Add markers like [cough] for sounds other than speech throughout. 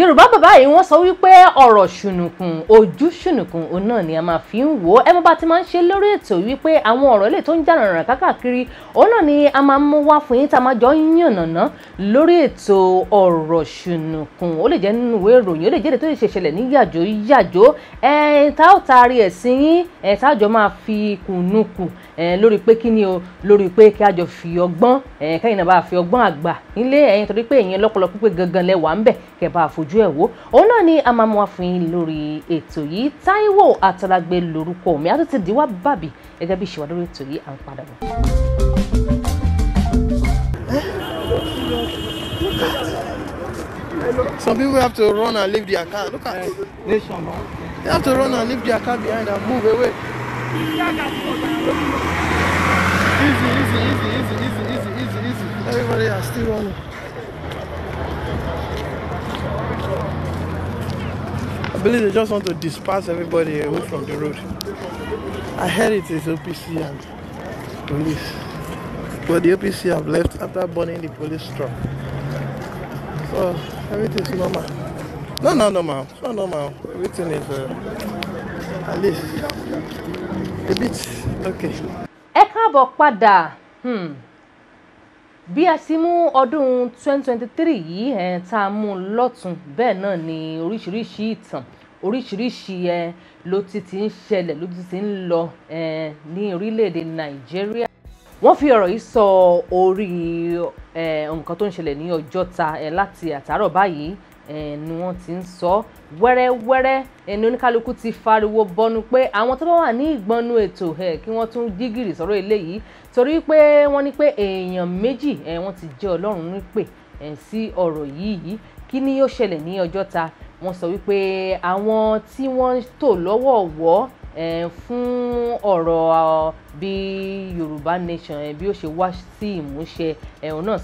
yorùbá bàbá yìí wọ́n sọ wípé ọ̀rọ̀ ṣùnùkùn ojú ṣùnùkùn òun náà ni a máa fi ń wò ó ẹ mọ̀ bá ti máa ń ṣe lórí ètò wípé àwọn ọ̀rọ̀ ilé tó ń jàràrà kákàkiri òun náà ni a máa ń mú wá fún yín tá a máa jọ ń yànnàná lórí ètò ọ̀rọ̀ ṣùnùkùn ó lè jẹ́ nínú ìwé ìròyìn ó lè jẹ́ tó ṣe ṣẹlẹ̀ ní yàjó yàjó ẹ̀ tá ó taari ẹ̀sìn yín ẹ̀ tá àjọ máa fi kùnùkùn lórí pé kí ni o lórí pé kí a jọ fi ọgbọ́n kẹ́yìn náà bá fi ọgbọ́n àgbà nílé ẹ̀yìn torí pé ìyẹn lọ́pọ̀lọpọ̀ pípé gangan lẹ́wà ń bẹ̀ kẹ́ bá fojú ẹ̀ wò òun náà ni a máa mú àfihàn lórí ètò yìí Táíwò Àtàlàgbé lórúkọ mi a tún ti dìwà bàbí gẹ́gẹ́ bí ìṣèwádìí ètò yìí à ń padà bọ̀. Some people have to run and leave their car. Look at it. They have to run and leave their car behind and move away. Easy, easy, easy, easy, easy, easy, easy. Everybody else, still running. I believe they just want to disperse everybody away from the road. I heard it is OPC and police. But the OPC have left after burning the police truck. So everything is normal. No, no, no, ma'am. No, no, ma'am. Everything is uh, at least a bit okay. Ẹ káàbọ̀ padà hmm. bí a ti mú ọdún 2023 yìí ẹ̀ tá a mú lọ́tún bẹ́ẹ̀ náà ni oríṣiríṣi ìtàn oríṣiríṣi ẹ ló ti ti ń ṣẹlẹ̀ ló ti ti ń lọ ní orílẹ̀-èdè Nàìjíríà wọ́n fi ọ̀rọ̀ yìí sọ orí nǹkan tó ń ṣẹlẹ̀ ní Ọjọ́ta láti àtàárọ̀ báyìí ni wọ́n ti ń sọ wẹ́rẹ́wẹ́rẹ́ ẹni oníkálukú ti fariwo bọnu pé àwọn tó bá wà ní ìgbọnú ètò kí wọ́n tún jígìrì sọ̀rọ̀ eléyìí torí pé wọ́n ní pé èèyàn méjì wọ́n ti jẹ́ ọlọ́run nípè sí ọ̀rọ̀ yìí kí ni yóò ṣẹlẹ̀ ní ọjọ́ ta wọ́n sọ wípé àwọn tí wọ́n tò lọ́wọ́ọ̀wọ́ fún ọ̀rọ̀ bí Yorùbá nation bí ó ṣe wá sí ìmúṣẹ òun náà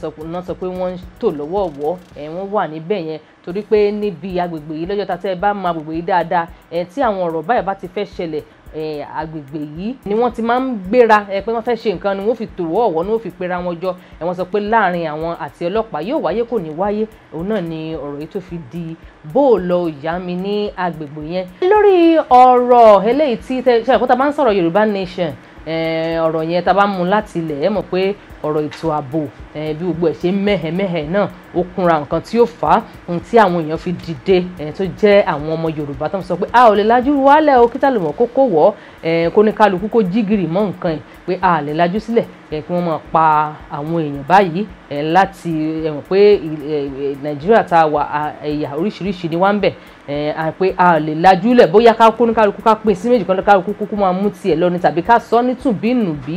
sọ pé wọ́n ń tò lọ́wọ́ọ̀wọ́ wọ́n wà níbẹ̀ yẹn torí pé níbi agbègbè yìí lọ́jọ́ ta tẹ́ ẹ bá mọ agbègbè yìí dáadáa tí àwọn ọ̀rọ̀ báyìí bá ti fẹ́ ṣẹlẹ̀ agbègbè yìí ni wọ́n ti máa ń gbéra ẹ pé wọ́n fẹ́ ṣe nǹkan ni wọ́n fi tòwọ́ ọ̀wọ́ ni wọ́n fi pera wọn jọ ẹ wọ́n sọ pé láàrin àwọn àti ọlọ́pàá yóò wáyé kò ní wáyé òun náà ni ọ̀rọ̀ yìí tó fi di bóòlọ ìyá mi ní agbègbè yẹn. lórí ọ̀rọ̀ eléyìí tí ṣe àkótá bá ń sọ̀rọ̀ Yorùbá Nation ọ̀rọ̀ yẹn tá a bá mú láti ilẹ̀ ẹ mọ̀ pé ọ̀rọ̀ ètò ààbò bí gbogbo ẹ̀ ṣe ń mẹ́hẹ̀mẹ́hẹ̀ náà ó kunra nǹkan tí ó fà á ohun tí àwọn èèyàn fi dìde tó jẹ́ àwọn ọmọ Yorùbá tó ń sọ pé a ò lè lajú wálẹ̀ o kíta lè mọ̀ kókó wọ̀ kó ní kálukú kó jígìrì mọ́ nǹkan ẹ̀ pé a lè lajú sílẹ̀ kí wọ́n máa pa àwọn èèyàn báyìí láti ẹ̀wọ̀n pé Nàìjíríà tá a wà ẹ̀yà oríṣiríṣi ni wá ń bẹ̀ pé a lè lajú lẹ̀ bóyá ká kó ní kálukú ká pín sí méjì kan ní kálukú kúkú máa mú tiẹ̀ lọ ni tàbí ká sọ ní tùbínùbí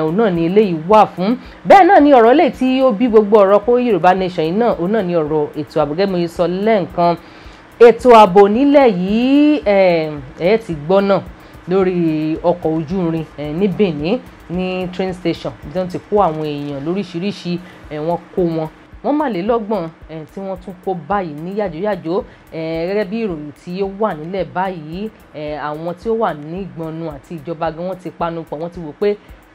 òun náà ni eléyìí wà fún bẹ́ẹ̀ náà ni ọ̀rọ̀ lè tí ó bí gbogbo ọ̀rọ̀ pé Yorùbá nation yìí náà òun náà ni ọ̀rọ̀ ètò ààbò gẹ́gẹ́ mi sọ lẹ́ẹ̀kan ètò ààbò nílẹ̀ yìí ẹ̀ ti gbọ́ náà lórí ọkọ̀ ojú irin ní Benin ní train station bí wọ́n ti kó àwọn èèyàn lóríṣiríṣi wọ́n kó wọn wọ́n mà lé lọ́gbọ̀n tí wọ́n tún kó báyìí ní yàjóyàjó gẹ́gẹ́ bí ìròyìn tí ó wà nílẹ̀ báyìí àwọn tí ó wà ní ìgbọnnu àti ìjọba gan wọ́n ti panu pọ̀ wọ́n ti wò pé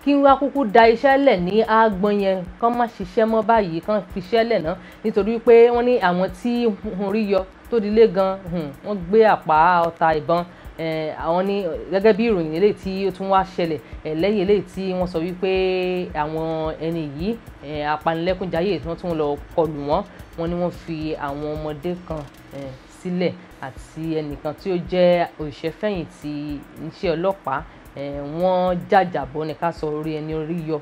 kí wá kúkú da iṣẹ́ lẹ̀ ní àgbọn yẹn kán má ṣiṣẹ́ mọ́ báyìí kán fiṣẹ́ lẹ̀ náà nítorí pé wọ́n ní àwọn tí wọ́n rí yọ tó dilé gan wọ́n gbé àpá ọta ìbọn àwọn ní gẹ́gẹ́ bí ìròyìn eléyìí tí ó tún wá ṣẹlẹ̀ lẹ́yìn eléyìí tí wọ́n sọ wípé àwọn ẹni yìí apanilẹ́kúnjayé tí wọ́n tún lọ kọlù wọ́n wọ́n ní wọ́n fi àwọn ọmọdé kan sílẹ̀ àti ẹnìkan tí ó jẹ́ òṣìṣẹ́fẹ̀yìntì iṣẹ́ ọlọ́pàá wọ́n jàjàbọ́ ni ká sọ orí ẹni orí yọ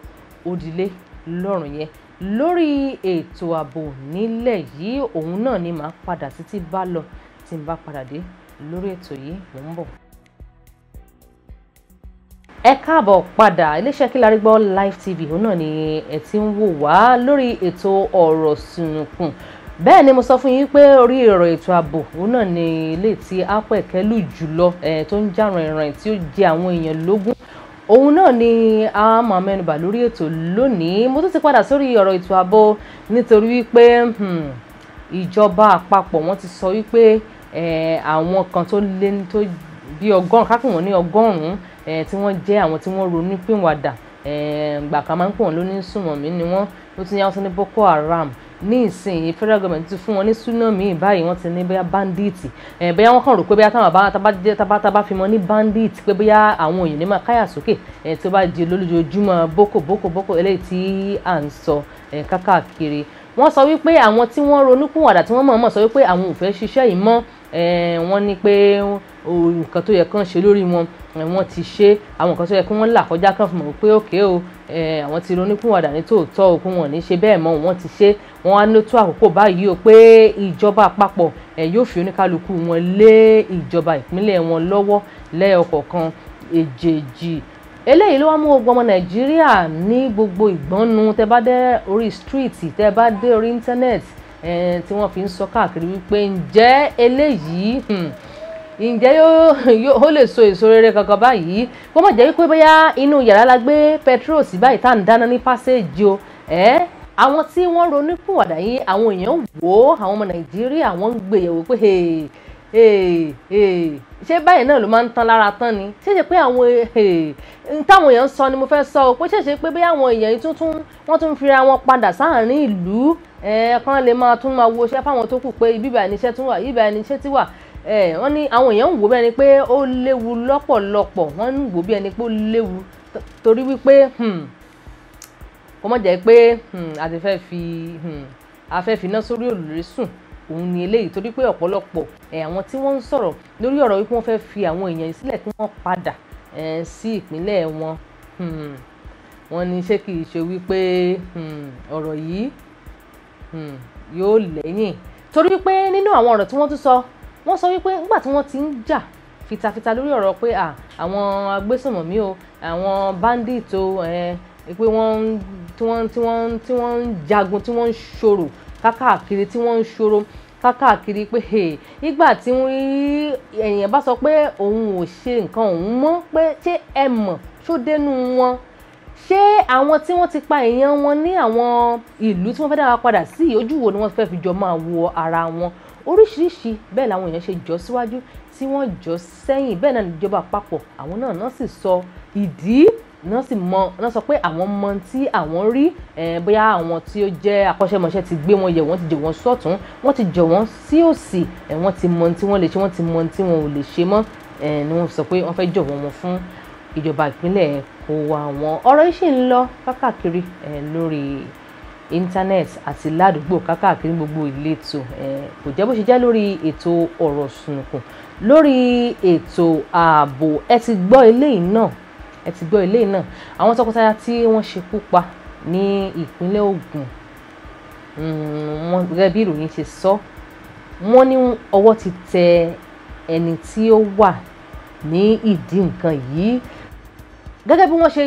òdìlé lọ́rùn yẹn lórí ètò ààbò nílẹ̀ yìí òun náà ni màá padà títí bá lọ tí n bá padà dé lórí ètò yìí mò ń bọ̀. ẹ káàbọ̀ padà iléeṣẹ́ kí gbọ́ live tv òun náà ni ẹ ti ń wò wá lórí ètò ọ̀rọ̀ sùnùkùn bẹ́ẹ̀ ni mo sọ fún yín pé orí ọ̀rọ̀ ètò ààbò òun náà ni ilé tí apẹ̀ kẹlù jùlọ tó ń jà ràìnràìn tí ó jẹ àwọn èèyàn lógún òun náà ni a máa mẹ́nubà lórí ètò lónìí mo tún ti padà sórí ọ̀rọ̀ ètò ààbò nítorí wípé hmm, ìjọba àpapọ̀ wọ́n ti sọ wípé àwọn kan tó lé tó bí ọgọ́rùn-ún kápẹ́ wọn ní ọgọ́rùn-ún tí wọ́n jẹ́ àwọn tí wọ́n ronú pínwàdà gbàkà máa ń pọ̀ wọn sùnmọ̀mí ni wọ́n ló ti ní àwọn tó ní Boko Haram ní ìsìn federal government ti fún wọn ní tsunami báyìí wọ́n ti ní bóyá bandit ẹ eh, bóyá wọ́n kàn rò pé bóyá táwọn àbá tabajẹ tabataba fi mọ ní bandit pé bóyá àwọn òyìnbó máa káyà sókè ẹ eh, tó bá di olójoojúmọ́ boko boko boko eléyìí tí à ń sọ ẹ eh, kákàkiri wọ́n sọ wípé àwọn tí wọ́n ronúkúwàdà tí wọ́n mọ̀ọ́mọ̀ sọ wípé àwọn ò fẹ́ ṣiṣẹ́ yìí mọ́ ẹ wọ́n ní pé nǹkan tó yẹ kán ṣe lórí wọn wọ́n ti ṣe àwọn nǹkan tó yẹ kí wọ́n là kọjá kan fún mọ̀ pé òkè o àwọn ti ronúpìwàdà ní tòótọ́ o pé wọ́n ní ṣe bẹ́ẹ̀ mọ́ wọ́n ti ṣe wọ́n á ní tó àkókò báyìí o pé ìjọba àpapọ̀ yóò fi oníkálukú wọn lé ìjọba ìpínlẹ̀ wọn lọ́wọ́ lẹ́yọkọ̀ọ̀kan èjèèjì eléyìí ló wá mú gbogbo ọmọ nàìjíríà ní gbogbo ìgbọ́nu tẹ bá dé orí stíríìtì tẹ bá dé orí íńtánẹ́ẹ̀tì tí wọ́n fi ń sọ káàkiri wípé ǹjẹ́ eléyìí hmm, ǹjẹ́ ó lè so èso rere kankan báyìí kó má jẹ́ wípé bóyá inú yàrá la gbé petrol sí báyìí tá à ń dáná ní pásẹ́ẹ̀jì o àwọn tí wọ́n ronúpìwàdà yìí àwọn èèyàn wò ó àwọn ọmọ nàìjíríà wọ́n ń gbèyẹ̀wò pé ṣé báyìí náà ló máa ń tán lára tán ni ṣéṣe pé àwọn táwọn èèyàn ń sọ ni mo fẹ́ sọ o pé ṣéṣe pé bí àwọn èèyàn yìí tuntun wọ́n tún fira wọn padà sáàárín ìlú kan lè máa tún máa wo iṣẹ́ fáwọn tó kù pé ibíbà ni iṣẹ́ tún wà ibíbà ni iṣẹ́ ti wà wọ́n ní àwọn èèyàn ń wò bẹ́ẹ̀ ni pé ó léwu lọ́pọ̀lọpọ̀ wọ́n ń wò bí ẹni pé ó léwu torí wípé hmm, kó má jẹ́ pé hmm, a ti fẹ́ fi hmm, a fẹ́ fi iná sórí òrùlé sùn òun ni eléyìí torí pé ọ̀pọ̀lọpọ̀ àwọn tí wọ́n ń sọ̀rọ̀ lórí ọ̀rọ̀ wípé wọ́n fẹ́ fi àwọn èèyàn sílẹ̀ kí wọ́n padà sí ìpínlẹ̀ wọn wọ́n ní ṣé kìí ṣe wípé ọ̀rọ̀ yìí yóò lẹ́yìn torí pé nínú àwọn ọ̀rọ̀ tí wọ́n tún sọ wọ́n sọ wípé nígbà tí wọ́n ti ń jà fitafita lórí ọ̀rọ̀ pé àwọn agbésùnmọ̀mí o àwọn bandit o pé wọ́n tí wọ́n tí wọ́n tí wọ́n ń jagun tí wọ́n ń ṣòro kákàkiri tí wọ́n ń ṣòro kákàkiri pé nígbà tí èèyàn bá sọ pé òun ò ṣe nǹkan òun mọ́ pé ṣé ẹ mọ̀ ṣó dénú wọn ṣé àwọn tí wọ́n ti pa èèyàn wọn ní àwọn ìlú tí wọ́n fẹ́ dára padà sí ojú wo ni wọ́n fẹ́ fi jọ máa wo ara wọn oríṣiríṣi bẹ́ẹ̀ làwọn èèyàn ṣe jọ síwájú tí wọ́n jọ sẹ́yìn bẹ́ẹ̀ náà níjọba àpapọ̀ àwọn náà náà sì sọ ìdí náà sì mọ náà sọ pé àwọn mọ tí àwọn rí bóyá àwọn tí ó jẹ́ akọ́ṣẹ́mọṣẹ́ ti gbé wọn yẹ̀ wọ́n ti jẹ̀ wọ́n sọ́tún wọ́n ti jẹ̀ wọ́n sí òsì wọ́n ti mọ tí wọ́n lè ṣe wọ́n ti mọ tí wọn ò lè ṣe mọ́ ni wọ́n sọ pé wọ́n fẹ́ jọ̀wọ́ wọn fún ìjọba ìpínlẹ̀ kó wa wọn ọ̀rọ̀ yìí sì ń lọ kákàkiri lórí internet àti ládùúgbò kákàkiri gbogbo ìletò kò jẹ́ bó ṣe jẹ́ lórí ètò ọ̀rọ̀ sùnùkùn lórí ètò ààbò ẹ ti gbọ́ eléyìí náà ẹ ti gbọ́ eléyìí náà àwọn tọkọtaya tí wọ́n ṣekú pa ní ìpínlẹ̀ Ògùn hmm, gẹ́gẹ́ bí ìròyìn ṣe sọ wọ́n ní ọwọ́ ti tẹ ẹni tí ó wà ní ìdí nǹkan yìí gẹ́gẹ́ bí wọ́n ṣe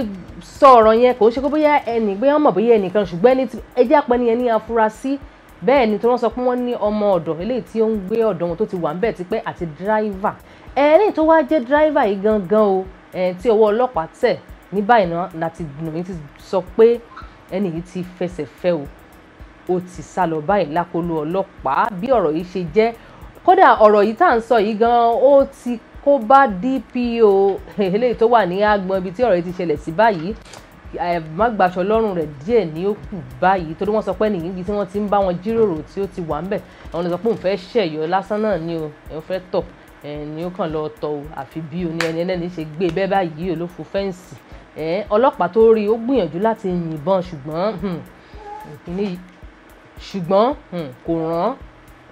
sọ ọ̀rọ̀ yẹn kò ń ṣe kó bóyá ẹnì bóyá wọ́n mọ̀ bóyá ẹnìkan ṣùgbọ́n ẹni ẹjẹ́ àpẹni yẹn ní afurasí bẹ́ẹ̀ ni tí wọ́n sọ pé wọ́n ní ọmọ ọ̀dọ̀ eléyìí tí ó ń gbé ọ̀dọ̀ wọn tó ti wà ń bẹ̀ tipẹ́ àti dráìvà ẹni tó wá jẹ́ dráìvà yìí gangan o tí ọwọ́ ọlọ́pàá tẹ̀ ní báyìí náà láti nìyí ti sọ pé ẹni yìí ti fẹsẹ̀ fẹ́ o ó ti sá lọ báyìí lákòlò ọlọ́pàá bí ọ̀rọ̀ yìí ṣe jẹ́ kódà ọ̀rọ̀ yìí tá à ń sọ yìí gan ó ti kó bá DPO [laughs] eléyìí tó wà ní àgbọn ibi tí ọ̀rọ̀ yìí ti ṣẹlẹ̀ sí báyìí má gbàṣọ lọ́rùn rẹ̀ díẹ̀ ní ó kù báyìí torí wọ́n sọ pé nìyí ibi tí wọ́n ti ń bá wọn jíròrò tí ó ti wà ń bẹ̀ àwọn olùsọ pé òun fẹ́ ṣẹ̀yọ lásán náà ni o òun fẹ́ tọ̀ ni ó kàn lọ tọ̀ o àfi bí o ní ẹni ẹlẹ́ni ṣe gbé bẹ́ẹ̀ báyìí o ló fò fẹ́ǹsì ọlọ́pàá tó rí i gbìyànjú láti yìnbọn ṣùgbọ́n ṣùgbọ́n kò rán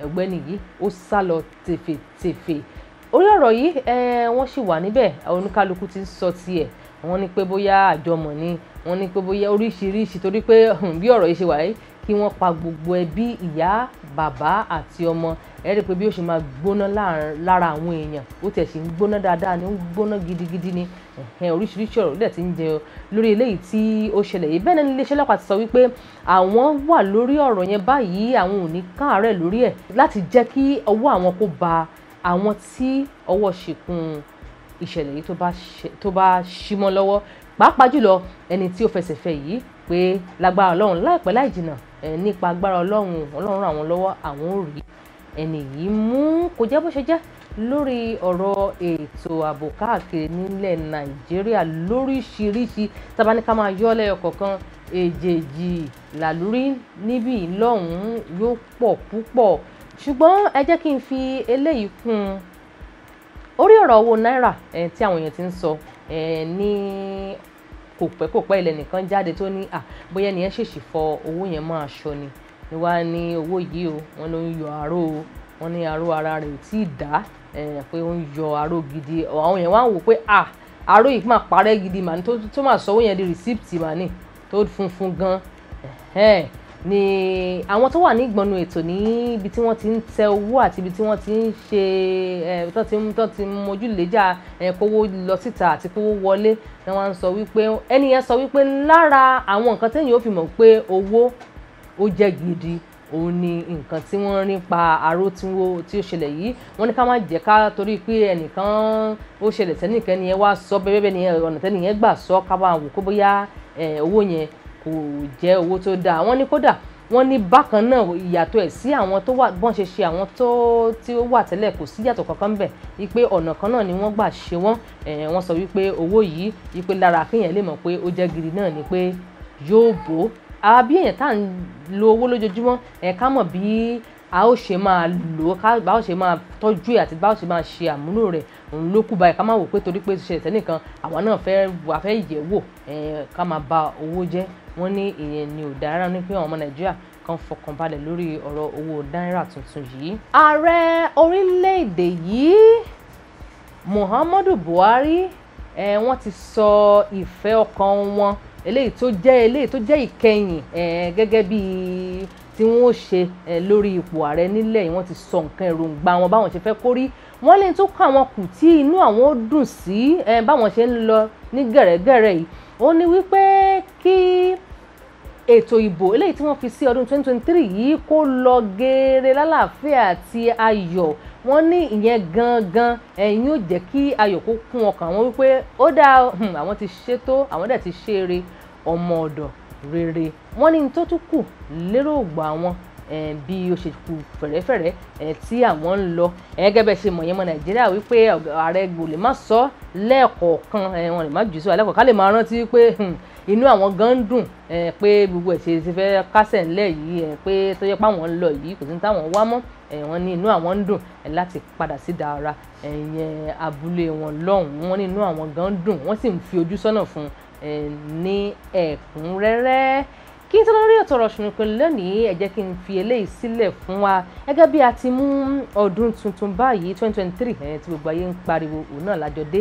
ẹ̀gbẹ́ni yìí ó sá lọ tèfètèfè orí ọ̀rọ̀ yìí wọ́n sì wà níbẹ̀ oníkálukú ti ń sọ tiẹ̀ wọ́n ní pé bóyá àjọmọ̀ ni wọ́n ní pé bóyá oríṣiríṣi torí pé bí ọ̀rọ̀ yìí ṣe wà yìí kí wọ́n pa gbogbo ẹbí ìyá bàbá àti ọmọ ẹ rí i pé bí ó ṣe máa gbóná lára àwọn èèyàn ó tẹ̀ sí ń gbóná dáadáa ni ó ń gbóná gidigidi ni oríṣiríṣi ọ̀rọ̀ dẹ̀ ti ń jẹyọ lórí eléyìí tí ó ṣẹlẹ̀ yìí bẹ́ẹ̀ náà iléeṣẹ́ ọlọ́pàá ti sọ wípé àwọn wà lórí ọ̀rọ̀ yẹn báyìí àwọn ò ní káàárẹ̀ lórí ẹ̀ láti jẹ́ kí ọwọ́ àwọn kó ba àwọn tí ọwọ́ ṣìkún ìṣẹ̀lẹ̀ yìí tó bá ṣímọ́ lọ́wọ́ pàápàá jùlọ ẹni tí ó fẹsẹ̀ fẹ yìí pé lágbára ọlọ́run láìpẹ́ láì jìnnà nípa agbára ọlọ́run ọlọ́run ràn wọ́n lọ́wọ́ àwọn ò rí ẹni yìí mú kò jẹ́ bó ṣe jẹ́ lórí ọ̀rọ̀ ètò ààbò káàkiri nílẹ̀ nàìjíríà lóríṣiríṣi tabaníká máa yọ lẹ́yọ̀ kọ̀ọ̀kan èjèèjì làlúrí níbí lọ́hùn-ún yóò pọ̀ púpọ̀ ṣùgbọ́n ẹ jẹ́ kí n fi eléyìí kún un orí ọ̀rọ̀ owó náírà tí àwọn èèyàn ti ń sọ ní kò pẹ́ kò pẹ́ ilẹ̀ nìkan jáde tó ní à bóyá ẹnìyẹn ṣèṣì fọ owó yẹn mọ́ aṣọ ni ni wá ní owó yìí o wọ́n ló ń yọ àárò o wọ́n ní àárò ara rẹ̀ ò tí dá pé ó ń yọ àárò gidi àwọn yẹn wá ń wò pé à àárò yìí máa parẹ́ gidi mà ní tó máa sọ owó yẹn di rìsíptì mà ní tó funfun gan ni àwọn tó wà ní ìgbọ̀nù ètò ní ibi tí wọ́n ti ń tẹ owó àti ibi tí wọ́n ti ń ṣe tó ti tó ti mojú léjà kówó lọ síta àti kówó wọlé ni wọ́n sọ wípé ẹni yẹn sọ wípé lára àwọn nǹkan téèyàn ó fi mọ̀ pé owó ó jẹ́ gidi òun ni nǹkan tí wọ́n rí pa aró tí ó ṣẹlẹ̀ yìí wọ́n ní ká má jẹ́ ká torí pé ẹnìkan ó ṣẹlẹ̀ tẹ́nìkan ni ẹ wá sọ bẹ́ẹ̀ bẹ́ẹ̀ ni ọ̀nà tẹ́nìyẹn gbà sọ ká bá wò kó bóyá owó yẹn kò jẹ́ owó tó dáa wọ́n ní kódà wọ́n ní bákan náà ìyàtọ̀ ẹ̀ sí àwọn tó wà bọ́n ṣe ṣe àwọn tó tí ó wà tẹ́lẹ̀ kò sí ìyàtọ̀ kankan bẹ̀ wípé ọ̀nà kan náà ni wọ́n gbà ṣe wọ́n wọ́n sọ wípé owó yìí wípé lára kéèyàn lè mọ̀ pé ó jẹ́ gidi náà ni pé yóò bò ó àwa bí èèyàn tá à ń lo owó lójoojúmọ́ ẹ̀ ká mọ̀ bí a ó ṣe máa lò ó ká bá ó ṣe máa tọ́jú ẹ̀ àti bá ó ṣe máa ṣe àmúlò rẹ̀ òun ló kù báyìí ká má wò pé torí pé ṣe ìtẹ́ nìkan àwa náà fẹ́ wà fẹ́ yẹ̀ wò ká máa ba owó jẹ́ wọ́n ní ìyẹn ni ò dáa rárá àwọn ọmọ nàìjíríà kan fọkàn balẹ̀ lórí ọ̀rọ̀ owó náírà tuntun yìí. ààrẹ orílẹ̀-èdè yìí muhammadu buhari eh, wọ́n ti sọ ìfẹ́ ọkàn wọn eléyìí tó jẹ́ eléyìí tó jẹ́ ìkẹyìn eh, gẹ́gẹ́ bí tí wọ́n ó ṣe eh, lórí ipò ààrẹ nílẹ̀ yìí wọ́n ti sọ nǹkan èròǹgbà wọn báwọn ṣe fẹ́ kórí wọ́n lè tó kọ́ àwọn kù tí inú àwọn ó dùn sí báwọn ṣe ń lọ ní gẹ̀rẹ́gẹ̀rẹ́ yìí ó ní wípé kí. Ki ètò ìbò eléyìí tí wọ́n fi sí ọdún 2023 yìí kó lọ geere lálàáfíà àti ayọ̀ wọ́n ní ìyẹn gangan ẹ̀yin yóò jẹ́ kí ayọ̀ kó kún ọkàn wọn wípé ó dáa [laughs] àwọn ti ṣètò àwọn dẹ̀ ti ṣeré ọmọ ọ̀dọ̀ rere wọ́n ní tó tún kù lérò wọn bí ó ṣe kù fẹ̀rẹ́fẹ̀rẹ́ tí àwọn ń lọ gẹ́gẹ́ bẹ́ẹ̀ ṣe mọ̀ yẹn mọ nàìjíríà wípé ààrẹ gbò má sọ lẹ́ẹ̀kọ̀ọ̀kan wọn lè má jù sí àlẹ́kọ̀ọ́ ká lè máa rántí pé hmm, inú àwọn gan ń dùn pé gbogbo ẹ̀ ti fẹ́ kásẹ̀ ńlẹ̀ yìí pé tó yẹ pé àwọn ń lọ yìí kò sí ní táwọn wá mọ́ wọ́n ní inú àwọn ń dùn láti padà sí dára ẹ̀yẹn abúlé wọn lọ́hùn-ún wọ́n ní inú àwọn gan ń dùn wọ́n sì ń fi ojú sọ́nà fún un ní ẹ̀kúnrẹ́rẹ́ kí n tó lórí ọ̀tọ̀ ọ̀rọ̀ ṣùnùkùn lónìí ẹ jẹ́ kí n fi eléyìí sílẹ̀ fún wa gẹ́gẹ́ bí a ti mú ọdún tuntun báyìí twenty twenty three ẹ̀ tí gbogbo ayé ń pariwo òun náà lájọ dé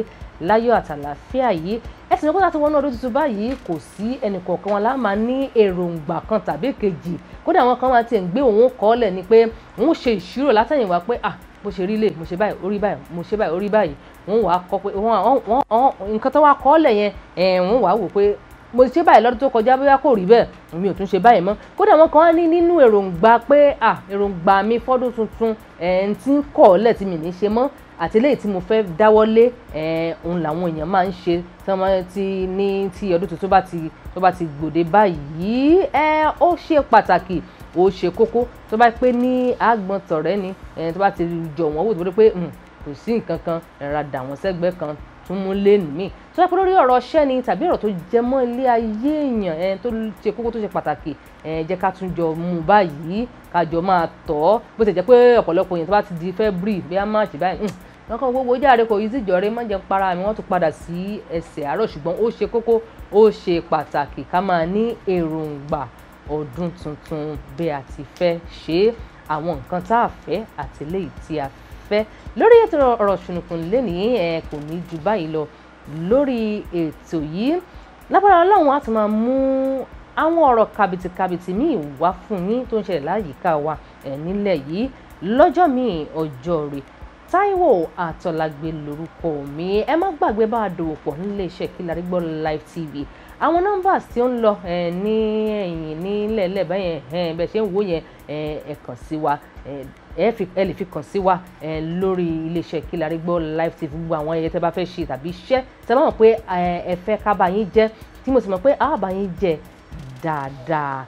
láyọ̀ àtàlàfíà yìí ẹ sì ní kó láti wọnú ọdún tuntun báyìí kò sí ẹnìkọ̀ọ̀kan wọn láà máa ní èròǹgbà kan tàbí kejì kódà àwọn kan máa ti ń gbé òun kọ́lẹ̀ ni pé òun ṣe ìṣirò látẹ̀yìnwá pé ah mo ṣe rí lè mo ṣe báyìí orí báyìí mo ṣe báyìí orí báyìí òun wàá kọ pé nǹkan tó wàá kọ́lẹ̀ yẹn òun wàá wò pé mo ti ṣe báyìí lọ́dún tó kọjá bóyá kò rí bẹ́ẹ̀ mi ò tún ṣe báyìí mọ́ kódà wọn kàn á ní nínú èròǹgbà pé à èròǹgbà mi fọ́dún tuntun ẹ̀ ń tí ń kọ̀ ọ́lẹ̀ tí mi ní ṣe mọ́ àti eléyìí tí mo fẹ́ dáwọ́lé òun làwọn èèyàn máa ń ṣe tí wọ́n ti ní tí ọdún tuntun bá ti tó bá ti gbòde báyìí ó ṣe pàtàkì ó ṣe kókó tó bá pé ní àgbọn tọ̀rẹ́ ni tó bá ti jọ wọ́n wò tó bá pé kò sí nǹkan kan ẹ̀rọ àdàwọ̀n sẹ́gbẹ́ kan tún mú lénìí tó yẹ pé lórí ọ̀rọ̀ ṣẹ́ ni tàbí ọ̀rọ̀ tó jẹ mọ́ ilé ayé èèyàn tó ṣe kókó tó ṣe pàtàkì jẹ́ ká tún jọ mú báyìí ká jọ máa tọ̀ ọ́ bó ti jẹ́ pé ọ̀pọ̀lọpọ̀ èèyàn tó bá ti di February bí a máa ṣe báyìí lọ́kàn gbogbo jáde kò yí síjọ́ rẹ má jẹ́ para mi wọ́n tún padà sí ẹsẹ̀ àárọ̀ ṣùgbọ́n ó ṣe kókó ó ṣe pàtàkì ká máa ní èròǹgbà ọdún tuntun bí a ti fẹ́ ṣe àwọn nǹkan tá a fẹ́ àtìlẹ́yìn tí a fẹ́ ọ̀fẹ́ lórí ètò ọ̀rọ̀ ṣùnùkùn lẹ́nìí ẹ kò ní ju báyìí lọ lórí ètò yìí lápára ọlọ́run á ti máa mú àwọn ọ̀rọ̀ kàbìtìkàbìtì míì wá fún yín tó ń ṣẹlẹ̀ láyìíká wa ẹ̀ nílẹ̀ yìí lọ́jọ́ míì ọjọ́ rẹ̀ Táíwò Àtọ́lágbé lórúkọ mi ẹ má gbàgbé bá a dòwò pọ̀ nílé iṣẹ́ Kílárí Gbọ́ Live TV àwọn nọ́mbàs tí ó ń lọ ní ẹ̀yìn nílẹ̀ lẹ́bẹ̀ẹ́ yẹn bẹ́ẹ̀ ṣe ń wò yẹn ẹ kàn sí wa ẹ lè fi kàn sí wa lórí iléeṣẹ́ Kí la rí gbọ́ live tv gbogbo àwọn ẹyẹ tẹ́ bá fẹ́ ṣe tàbí iṣẹ́ tẹ́ bá mọ̀ pé ẹ fẹ́ ká bá yín jẹ́ tí mo sì mọ̀ pé àá bá yín jẹ́ dáadáa